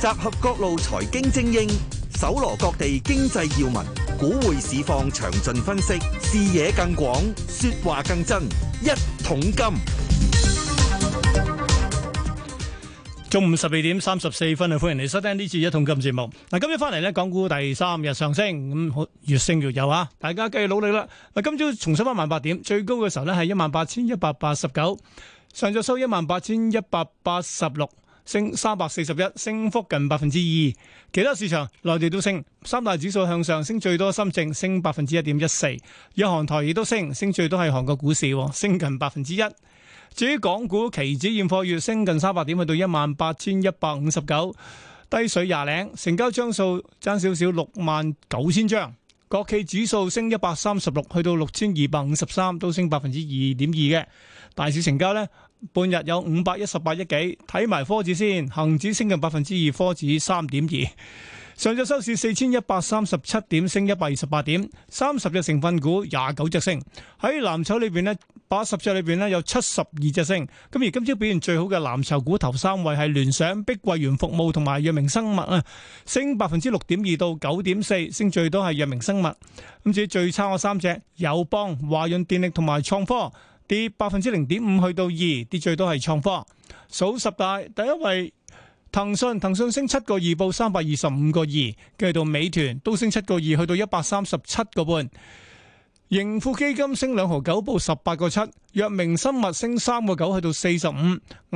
集合各路財經精英，搜羅各地經濟要聞，股匯市況詳盡分析，視野更廣，說話更真。一桶金，中午十二點三十四分啊！歡迎你收聽呢次一桶金節目。嗱，今朝翻嚟呢，港股第三日上升，咁越升越有啊！大家繼續努力啦。今朝重新翻萬八點，最高嘅時候呢係一萬八千一百八十九，上晝收一萬八千一百八十六。升三百四十一，升幅近百分之二。其他市場內地都升，三大指數向上，升最多深證升百分之一點一四，日韓台亦都升，升最多係韓國股市，升近百分之一。至於港股期指現貨月升近三百點，去到一萬八千一百五十九，低水廿零，成交張數爭少少六萬九千張。國企指數升一百三十六，去到六千二百五十三，都升百分之二點二嘅。大市成交呢，半日有五百一十八億幾，睇埋科指先，恆指升近百分之二，科指三點二，上晝收市四千一百三十七點，升一百二十八點，三十隻成分股廿九隻升，喺藍籌裏邊呢，八十隻裏邊呢，有七十二隻升，咁而今朝表現最好嘅藍籌股頭三位係聯想、碧桂園服務同埋藥明生物啊，升百分之六點二到九點四，升最多係藥明生物，咁至於最差嘅三隻友邦、華潤電力同埋創科。跌百分之零點五去到二，跌最多係創科。數十大第一位騰訊，騰訊升七個二，報三百二十五個二。跟住到美團都升七個二，去到一百三十七個半。盈富基金升兩毫九，報十八個七。藥明生物升三個九，去到四十五。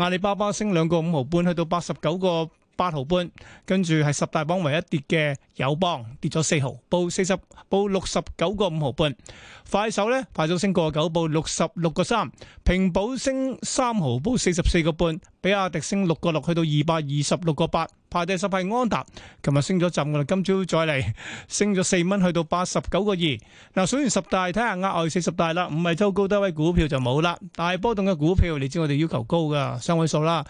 阿里巴巴升兩個五毫半，去到八十九個。八毫半，跟住係十大榜唯一跌嘅友邦跌咗四毫，報四十，報六十九個五毫半。快手呢排咗升過九，報六十六個三，平保升三毫，報四十四個半，比亞迪升六個六，去到二百二十六個八。排第十係安踏，琴日升咗浸噶啦，今朝再嚟升咗四蚊，去到八十九個二。嗱，數完十大，睇下額外四十大啦，唔係周高低位股票就冇啦。大波動嘅股票，你知我哋要求高噶，雙位數啦。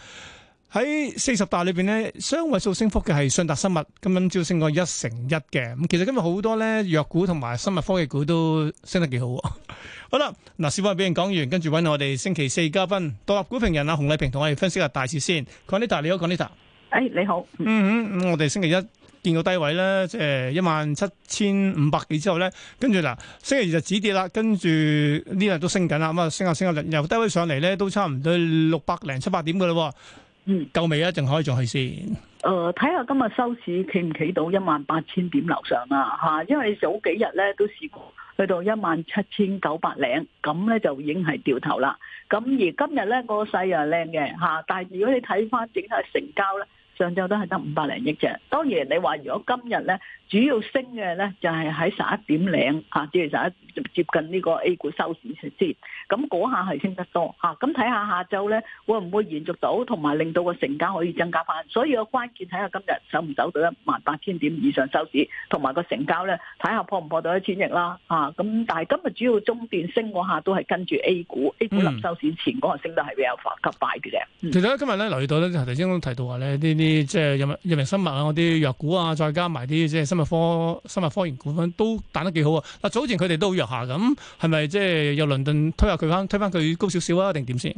喺四十大裏邊呢，雙位數升幅嘅係信達生物，今朝早升過一成一嘅。咁其實今日好多咧藥股同埋生物科技股都升得幾好。 好啦，嗱，小波嘅表現講完，跟住揾我哋星期四嘉賓獨立股評人阿熊麗萍同我哋分析下大市先。Connie 你好 Connie 誒，你好。哎，你好嗯哼，嗯，我哋星期一見到低位咧，即係一萬七千五百幾之後咧，跟住嗱星期二就止跌啦，跟住呢日都升緊啦，咁、嗯、啊，升下升下，由低位上嚟咧，都差唔多六百零七八點噶啦。嗯，夠未啊？仲可以再去先？誒、呃，睇下今日收市企唔企到一萬八千點樓上啦，吓、啊，因為早幾日咧都試過去到一萬七千九百零，咁咧就已經係掉頭啦。咁、啊、而今日咧、嗰個勢又靚嘅，吓、啊，但係如果你睇翻整體成交咧。上晝都係得五百零億啫。當然你話如果今日咧，主要升嘅咧就係喺十一點零嚇，即係十一接近呢個 A 股收市先。咁、啊、嗰、那個、下係升得多嚇。咁睇下下晝咧會唔會延續到，同埋令到個成交可以增加翻。所以個關鍵睇下今日走唔走到一萬八千點以上收市，同埋個成交咧睇下破唔破到一千億啦嚇。咁、啊啊、但係今日主要中段升嗰下都係跟住 A 股、嗯、，A 股臨收市前嗰個升得係比較急快嘅啫。嗯、其實今日咧留意到咧，就頭先我提到話咧呢啲。啲即係藥明生物啊，我啲藥股啊，再加埋啲即係生物科、生物科研股份都彈得幾好啊！嗱，早前佢哋都好弱下，咁係咪即係由倫敦推下佢翻，推翻佢高少少啊？定點先？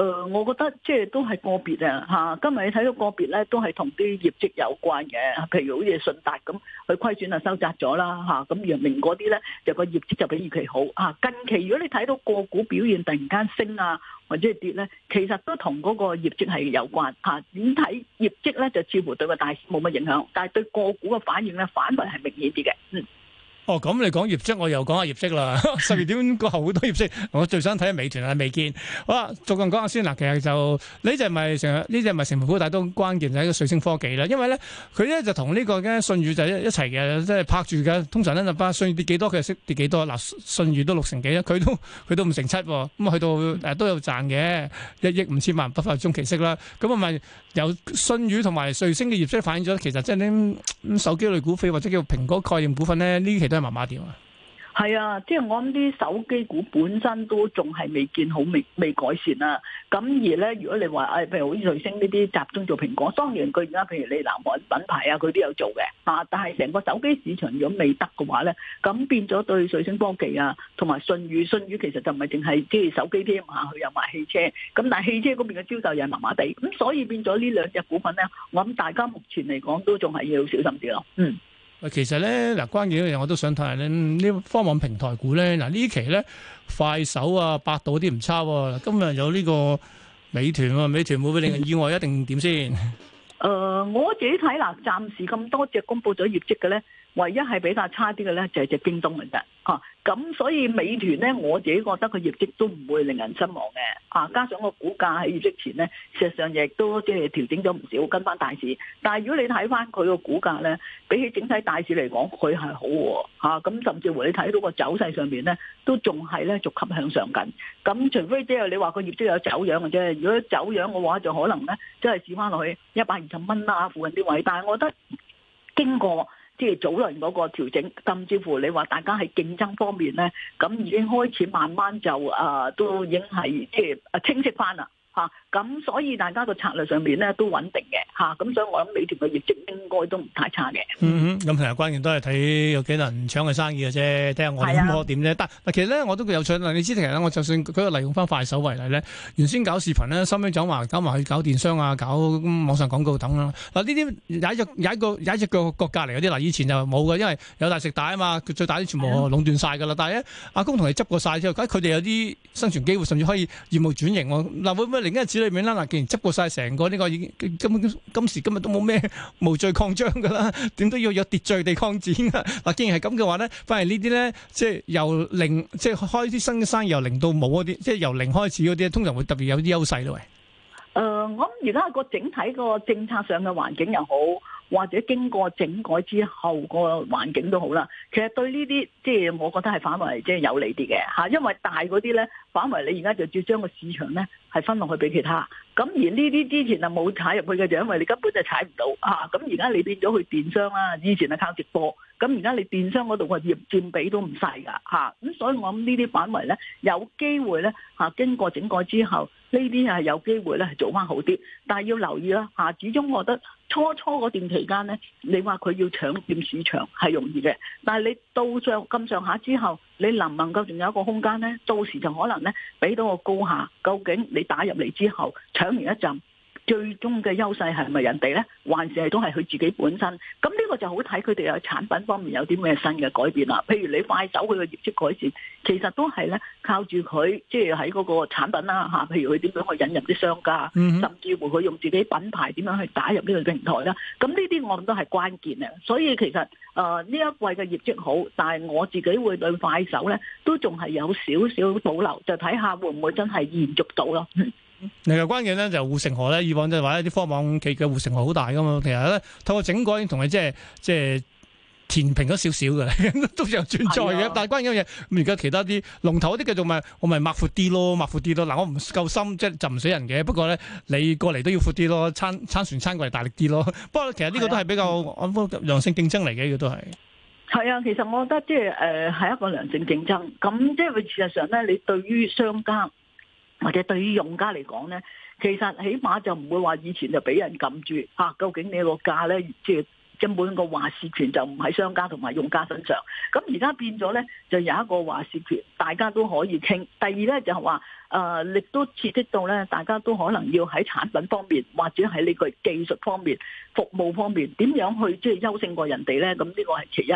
誒、呃，我覺得即係都係個別啊，吓，今日你睇到個別咧，都係同啲業績有關嘅，譬如好似信達咁，佢虧損啊收窄咗啦，吓、啊，咁陽明嗰啲咧就個業績就比預期好，啊，近期如果你睇到個股表現突然間升啊，或者係跌咧，其實都同嗰個業績係有關，吓、啊，點睇業績咧就似乎對個大市冇乜影響，但係對個股嘅反應咧反為係明顯啲嘅，嗯。哦，咁你講業績，我又講下業績啦。十 二點過後，好多業績，我最想睇下美團啊，未見。好啦，逐個講下先啦。其實就呢隻咪成，隻日，呢隻咪成分股，但都關鍵就係、是、個瑞星科技啦。因為咧，佢咧就同呢個嘅信宇就一齊嘅，即、就、係、是、拍住嘅。通常咧就把信宇跌幾多，佢就升跌幾多。嗱，信宇、啊、都六成幾啦，佢都佢都五成七、啊。咁去到誒、啊、都有賺嘅，一億五千萬不發中期息啦。咁啊，咪有信宇同埋瑞星嘅業績反映咗，其實即係啲手機類股票或者叫蘋果概念股份咧，呢真係麻麻哋啊！係啊，即係我諗啲手機股本身都仲係未見好，未未改善啊！咁而咧，如果你話誒，譬如好似瑞聲呢啲集中做蘋果，當然佢而家譬如你南韓品牌啊，佢都有做嘅啊。但係成個手機市場如果未得嘅話咧，咁變咗對瑞聲科技啊，同埋舜宇，舜宇其實就唔係淨係即係手機添，下、啊、佢又賣汽車。咁但係汽車嗰邊嘅銷售又係麻麻地，咁、嗯、所以變咗呢兩隻股份咧，我諗大家目前嚟講都仲係要小心啲咯，嗯。其實咧嗱，關鍵嘅嘢，我都想睇下咧，呢方網平台股咧，嗱呢期咧快手啊、百度嗰啲唔差，今日有呢個美團喎，美團會唔會令人意外？一定點先？誒，我自己睇嗱，暫時咁多隻公佈咗業績嘅咧。唯一係比較差啲嘅咧，就係隻京東嚟啫。嚇、啊，咁所以美團咧，我自己覺得佢業績都唔會令人失望嘅。啊，加上個股價喺業績前咧，事實上亦都即係調整咗唔少，跟翻大市。但係如果你睇翻佢個股價咧，比起整體大市嚟講，佢係好喎。咁、啊啊、甚至乎你睇到個走勢上面咧，都仲係咧逐級向上緊。咁、啊、除非即係你話個業績有走樣嘅啫。如果走樣嘅話，就可能咧即係跌翻落去一百二十蚊啦附近啲位。但係我覺得經過。即係早輪嗰個調整，甚至乎你話大家喺競爭方面咧，咁已經開始慢慢就啊，都已經係即係清晰返啦。吓，咁所以大家個策略上面咧都穩定嘅，吓、嗯，咁所以我諗美團嘅業績應該都唔太差嘅。咁其實關鍵都係睇有幾多人搶嘅生意嘅啫，睇下我諗我點啫。是啊、但嗱，其實咧我都佢有趣。你知其實咧，我就算舉個例用翻快手為例咧，原先搞視頻咧，收尾走埋，搞埋去搞電商啊，搞網上廣告等啦。嗱，呢啲有踩隻踩個有一隻腳腳個隔籬嗰啲，嗱，以前就冇嘅，因為有大食大啊嘛，佢最大啲全部壟斷晒噶啦。但係阿阿公同你執過晒之後，佢哋有啲生存機會，甚至可以業務轉型。嗱，另一個市裏面啦，嗱，既然執過晒成個呢個，已經根本今時今日都冇咩無序擴張噶啦，點都要有秩序地擴展啊！嗱，既然係咁嘅話咧，反而呢啲咧，即係由零，即係開啲新生意由零到冇嗰啲，即係由零開始嗰啲，通常會特別有啲優勢咯，喂。誒、呃，我諗而家個整體個政策上嘅環境又好。或者經過整改之後個環境都好啦，其實對呢啲即係我覺得係反為即係有利啲嘅嚇，因為大嗰啲咧反為你而家就要將個市場咧係分落去俾其他，咁而呢啲之前就冇踩入去嘅就因為你根本就踩唔到啊，咁而家你變咗去電商啦，以前係靠直播，咁而家你電商嗰度個業佔比都唔細噶嚇，咁、啊、所以我諗呢啲反為咧有機會咧嚇、啊、經過整改之後呢啲係有機會咧係做翻好啲，但係要留意啦嚇、啊，始終我覺得。初初嗰段期間呢，你話佢要搶佔市場係容易嘅，但係你到上咁上下之後，你能唔能夠仲有一個空間呢？到時就可能呢，俾到個高下。究竟你打入嚟之後，搶完一陣？最終嘅優勢係咪人哋呢？還是係都係佢自己本身？咁呢個就好睇佢哋喺產品方面有啲咩新嘅改變啦。譬如你快手佢嘅業績改善，其實都係呢，靠住佢即係喺嗰個產品啦吓。譬如佢點樣去引入啲商家，甚至乎佢用自己品牌點樣去打入呢個平台啦。咁呢啲我諗都係關鍵啊。所以其實誒呢，呃、一季嘅業績好，但係我自己會對快手呢，都仲係有少少保留，就睇下會唔會真係延續到咯。 另外關鍵咧，就護城河咧，以往就話咧，啲科網企嘅護城河好大噶嘛。其實咧，透過整改同埋即係即係填平咗少少嘅。 都有存、啊、在嘅。但係關鍵嘅嘢，咁而家其他啲龍頭啲繼續咪我咪擘闊啲咯，擘闊啲咯。嗱，我唔夠深即係浸唔死人嘅。不過咧，你過嚟都要闊啲咯，撐撐船撐過嚟大力啲咯。不過其實呢個都係比較良性競爭嚟嘅，呢個都係。係啊，嗯、其實我覺得即係誒係一個良性競爭。咁即係事實上咧，你對於商家。或者對於用家嚟講呢，其實起碼就唔會話以前就俾人撳住嚇、啊，究竟你個價呢？即係。根本個話事權就唔喺商家同埋用家身上，咁而家變咗呢，就有一個話事權，大家都可以傾。第二呢，就係話，誒、呃、亦都刺激到呢，大家都可能要喺產品方面或者喺呢個技術方面、服務方面點樣去即係優勝過人哋呢。咁呢個係其一。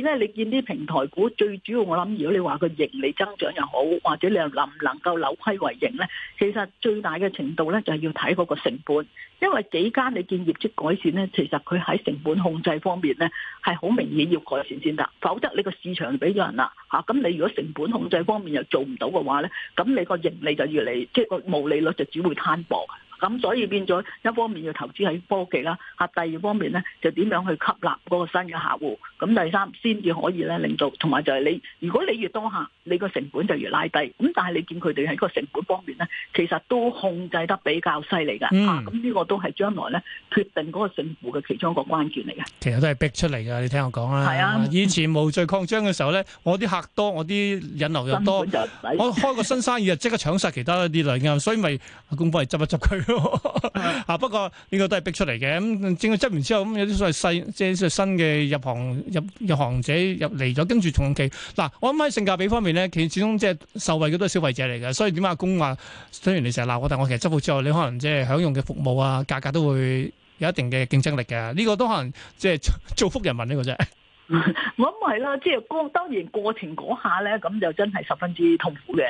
第二呢，你見啲平台股最主要我，我諗如果你話佢盈利增長又好，或者你又能唔能夠扭虧為盈呢，其實最大嘅程度呢，就係、是、要睇嗰個成本。因為幾間你見業績改善咧，其實佢喺成本控制方面咧係好明顯要改善先得，否則呢個市場俾咗人啦吓，咁、啊、你如果成本控制方面又做唔到嘅話咧，咁你個盈利就越嚟越即係個毛利率就只會攤薄。咁所以變咗一方面要投資喺科技啦，嚇、第二方面咧就點樣去吸納嗰個新嘅客戶，咁第三先至可以咧令到，同埋就係你如果你越多客，你個成本就越拉低。咁但係你見佢哋喺個成本方面咧，其實都控制得比較犀利㗎。嚇、嗯，咁呢、啊、個都係將來咧決定嗰個勝負嘅其中一個關鍵嚟㗎。其實都係逼出嚟㗎，你聽我講啦。係啊，以前無序擴張嘅時候咧，我啲客多，我啲引流又多，我開個新生意就即刻搶晒其他啲類啱，所以咪公夫嚟執一執佢。啊！ 不過呢個都係逼出嚟嘅，咁整個執完之後，咁有啲所謂細即係新嘅入行入入行者入嚟咗，跟住長期嗱，我諗喺性價比方面咧，佢始終即係受惠嘅都係消費者嚟嘅，所以點解阿公話雖然你成日鬧我，但我其實執服之後，你可能即係享用嘅服務啊，價格都會有一定嘅競爭力嘅，呢、呢個都可能即係造福人民呢個啫。我諗係啦，即係當當然過程嗰下咧，咁就真係十分之痛苦嘅。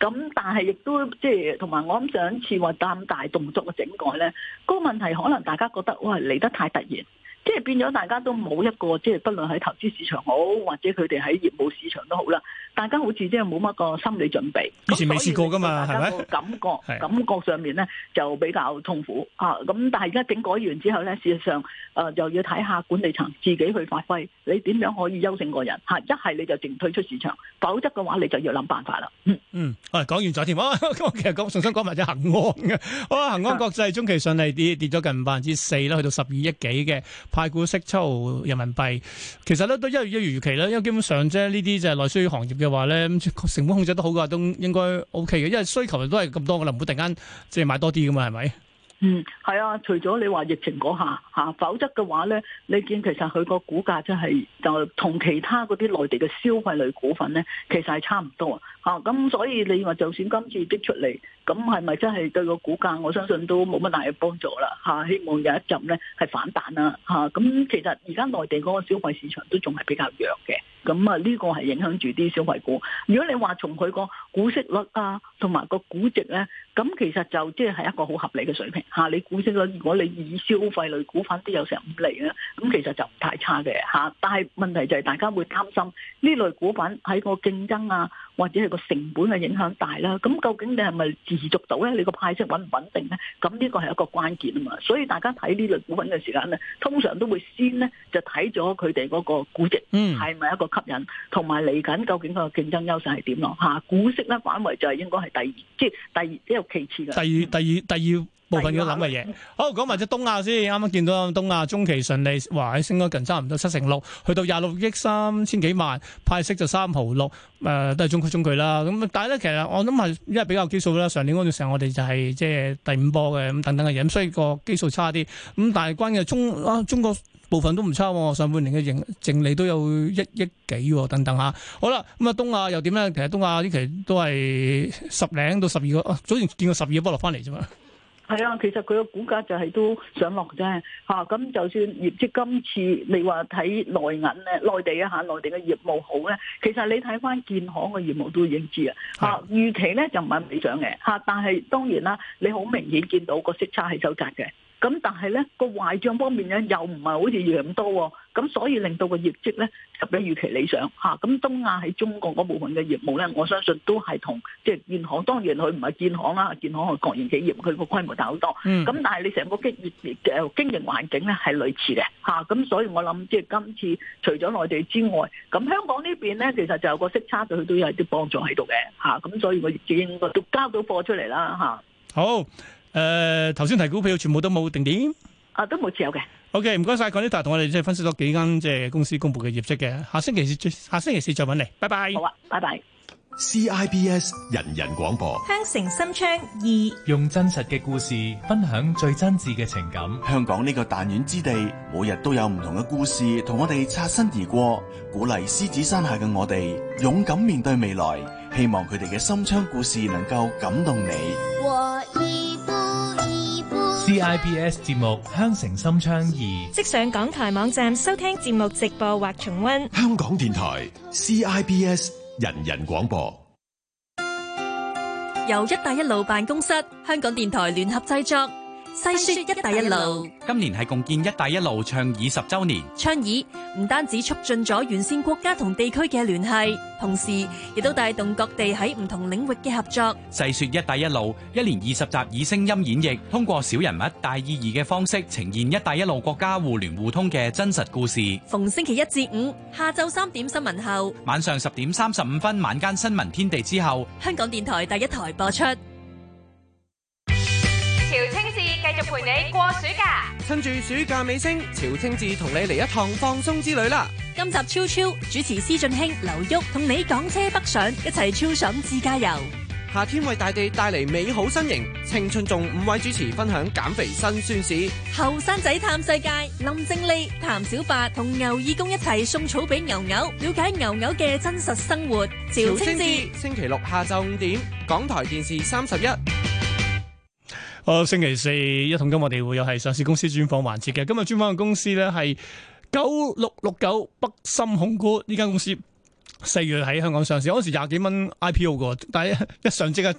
咁但係亦都即係同埋，我諗上次話咁大動作嘅整改咧，個問題可能大家覺得哇嚟得太突然。即係變咗，大家都冇一個，即係不論喺投資市場好，或者佢哋喺業務市場都好啦。大家好似即係冇乜個心理準備，以前未試過噶嘛，係咪？感覺吧感覺上面咧就比較痛苦啊！咁但係而家整改完之後咧，事實上誒、呃，就要睇下管理層自己去發揮，你點樣可以優勝過人？吓、啊，一係你就淨退出市場，否則嘅話你就要諗辦法啦。嗯嗯，啊，講完咗電話，其實講重新講埋隻恒安嘅，好、啊、恒安國際中期純利跌，跌咗近百分之四啦，去到十二億幾嘅。派股息抽人民幣，其實咧都一如一如預期啦，因為基本上啫，呢啲就係內需行業嘅話咧，成本控制得好噶，都應該 O K 嘅，因為需求都係咁多噶啦，唔會突然間即係買多啲噶嘛，係咪？嗯，係啊，除咗你話疫情嗰下嚇、啊，否則嘅話咧，你見其實佢個股價真係就同、是、其他嗰啲內地嘅消費類股份咧，其實係差唔多嚇，咁、啊、所以你話就算今次逼出嚟。咁係咪真係對個股價，我相信都冇乜大嘅幫助啦，吓、啊！希望有一陣咧係反彈啦、啊，吓、啊！咁、啊、其實而家內地嗰個消費市場都仲係比較弱嘅，咁啊呢、啊這個係影響住啲消費股。如果你話從佢個股息率啊，同埋個估值，咧，咁、啊、其實就即係一個好合理嘅水平吓、啊。你股息率如果你以消費類股份都有成五厘嘅，咁、啊啊、其實就唔太差嘅吓、啊。但係問題就係大家會擔心呢類股份喺個競爭啊。或者係個成本嘅影響大啦，咁究竟你係咪持續到咧？你個派息穩唔穩定咧？咁呢個係一個關鍵啊嘛，所以大家睇呢類股份嘅時間咧，通常都會先咧就睇咗佢哋嗰個估值係咪一個吸引，同埋嚟緊究竟佢個競爭優勢係點咯？吓，股息咧反為就係應該係第二，即係第二即係其次嘅。第二、第二、第二。部分要諗嘅嘢， 好講埋隻東亞先。啱啱見到啊，東亞中期盈利話喺升咗近差唔多七成六，去到廿六億三千幾萬，派息就三毫六，誒都係中規中矩啦。咁但係咧，其實我諗係因為比較基數啦。上年嗰段時間我哋就係即係第五波嘅咁等等嘅嘢，所以個基數差啲。咁但係關鍵中啊，中國部分都唔差，哦，上半年嘅盈淨利都有一億幾，等等吓。好啦，咁啊東亞又點咧？其實東亞呢期都係十零到十二個，啊，早前見過十二個波落翻嚟啫嘛。係啊，其實佢個股價就係都上落啫，吓、啊、咁就算業績今次你話睇內銀咧，內地啊吓，內地嘅業務好咧，其實你睇翻建行嘅業務都已經知啊，吓預期咧就唔係理想嘅，吓、啊、但係當然啦，你好明顯見到個息差係收窄嘅。咁但係咧個壞賬方面咧又唔係好似原咁多，咁、啊、所以令到個業績咧，就比預期理想吓。咁、啊、東亞喺中國嗰部分嘅業務咧，我相信都係同即係建行，當然佢唔係建行啦，建行係國營企業，佢個規模大好多。咁、啊、但係你成個經營誒、啊、經營環境咧係類似嘅吓，咁、啊、所以我諗即係今次除咗內地之外，咁、啊、香港呢邊咧其實就有個息差對佢都有啲幫助喺度嘅吓，咁、啊、所以我應該都交到貨出嚟啦吓。啊、好。誒，頭先、呃、提股票，全部都冇定點。啊，都冇自由嘅。OK，唔該晒鄺啲大同我哋即係分析咗幾間即係公司公佈嘅業績嘅。下星期四下星期四再揾你。拜拜。好啊，拜拜。CIBS 人人廣播，香城心窗二，用真實嘅故事分享最真摯嘅情感。香港呢個彈丸之地，每日都有唔同嘅故事同我哋擦身而過，鼓勵獅子山下嘅我哋勇敢面對未來。希望佢哋嘅心窗故事能夠感動你。和。CIBS 節目《香城心窗二》，即上港台網站收聽節目直播或重溫。香港電台 CIBS 人人廣播，由一帶一路辦公室、香港電台聯合製作。細說一帶一路，今年係共建一帶一路倡議十周年。倡議唔單止促進咗完善國家同地區嘅聯繫，同時亦都帶動各地喺唔同領域嘅合作。細說一帶一路，一年二十集以聲音演繹，通過小人物大意義嘅方式呈現一帶一路國家互聯互通嘅真實故事。逢星期一至五下晝三點新聞後，晚上十點三十五分晚間新聞天地之後，香港電台第一台播出。就陪你過暑假，趁住暑假尾聲，朝清志同你嚟一趟放鬆之旅啦。今集超超主持施俊興、劉旭同你港車北上，一齊超爽自駕遊。夏天為大地帶嚟美好身形，青春頌五位主持分享減肥辛酸史。後生仔探世界，林正莉、譚小八同牛義工一齊送草俾牛牛，了解牛牛嘅真實生活。朝清志星期六下晝五點，港台電視三十一。啊，星期四一桶金我哋會有係上市公司專訪環節嘅。今日專訪嘅公司咧係九六六九北深控股呢間公司，四月喺香港上市，嗰時廿幾蚊 IPO 嘅，但係一上即刻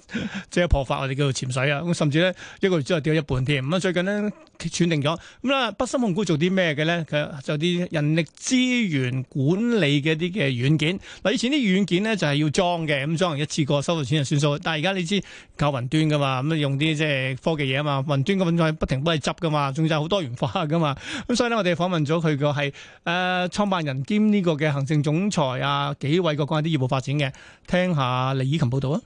即刻破發，我哋叫做潛水啊。咁甚至咧一個月之後跌咗一半添。咁啊最近咧。決定咗咁啦，北森控股做啲咩嘅咧？佢有啲人力資源管理嘅啲嘅軟件。嗱，以前啲軟件咧就係要裝嘅，咁裝一次過收到錢就算數。但係而家你知搞雲端噶嘛？咁用啲即係科技嘢啊嘛，雲端嘅運作係不停幫你執噶嘛，仲就係好多元化噶嘛。咁所以咧，我哋訪問咗佢個係誒創辦人兼呢個嘅行政總裁啊，幾位，有關啲業務發展嘅，聽下李以琴報道啊。